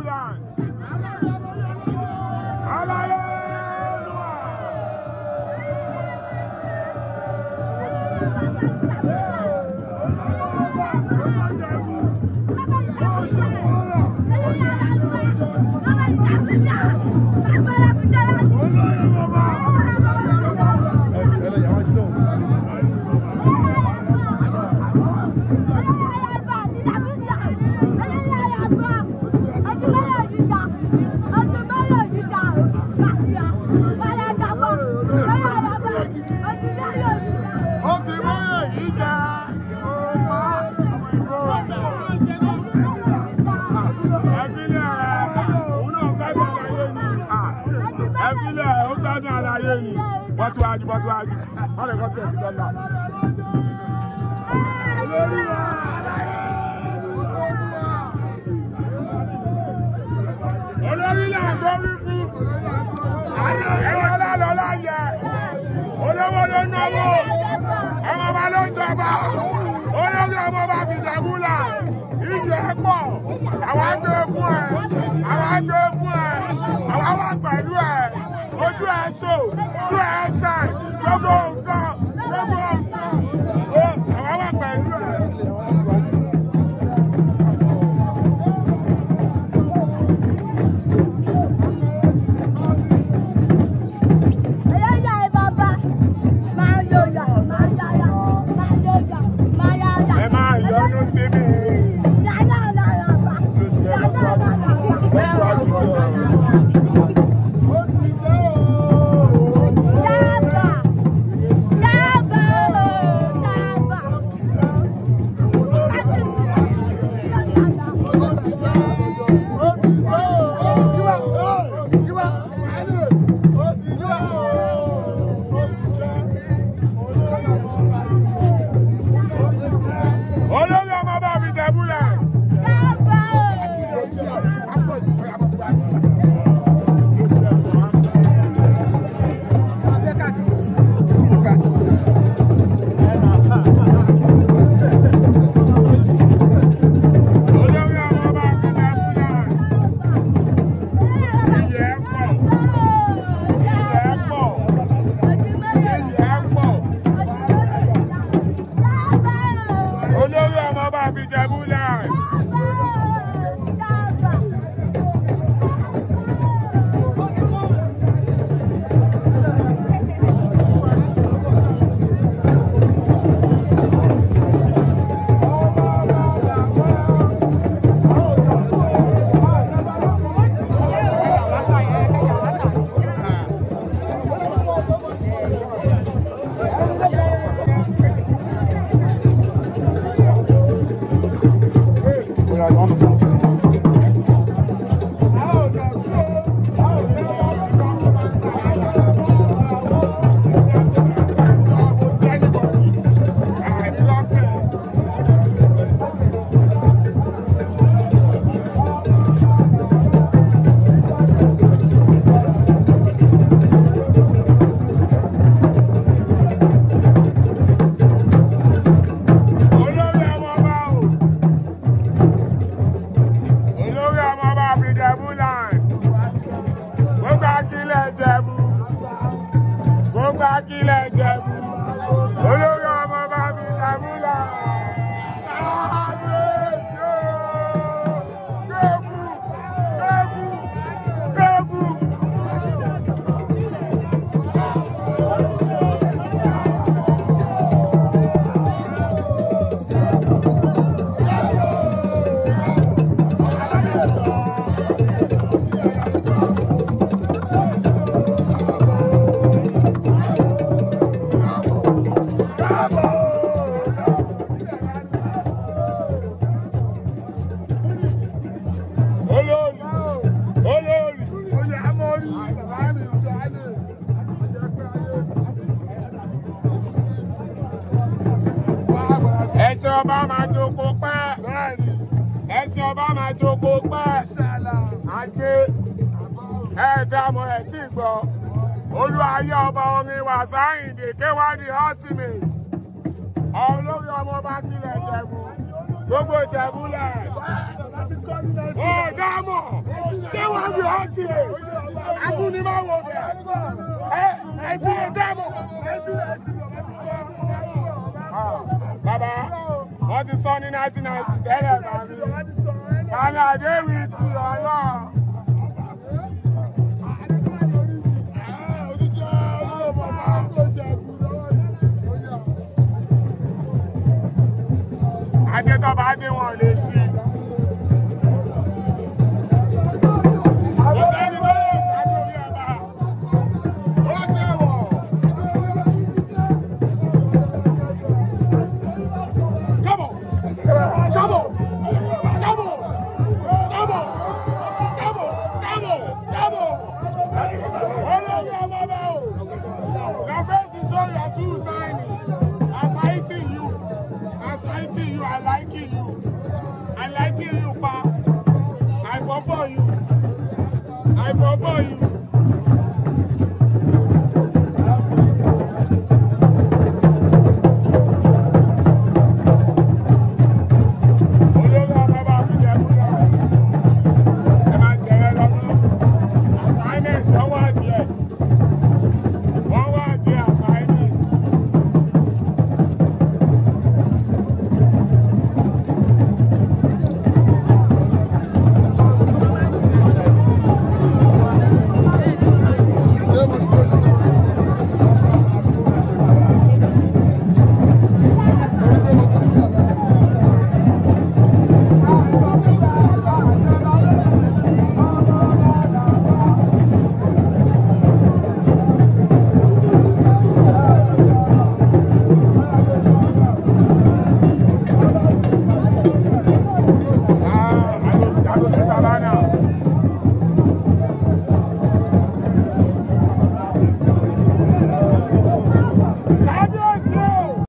ngokubulala Hallelujah! access dọ́là. olórí wa. olórí là ń gbórí fún. ẹ̀rọ lálọ́ láyẹ. olówó ló náwó. ọmọ ọba ló ń jọba. olórí ọmọ ọba bìjàgúlà. ìyẹ́ pọ̀. àwa gbé fún ẹ. àwa gbé fún ẹ. àwa wà pẹ̀lú ẹ. ojú ẹ sò. sú ẹ sàn. gbogbo. ọba àbíjẹ̀bú láàrin. ọba máa jókòó pẹ́. bẹ́ẹ̀ni. ẹṣin ọba máa jókòó pẹ́. ajé ẹ̀ẹ́dàmọ̀ ẹ̀ tí gbọ́. olúwayé ọba omi wàsá àyìndé kéwádìí ultimate. olórí ọmọọba kílẹ̀ jẹ̀bù. gbogbo jẹ̀bù lẹ̀. ọ̀dàmọ̀ kéwádìí ultimate. akúni máa wò bẹ́ẹ̀. ẹ ẹ ti sọ ní 1990 tẹ́lẹ̀ màmí. Àmì àdéhùn ti ọlọ́run. I like you, pa. I for you. I for you.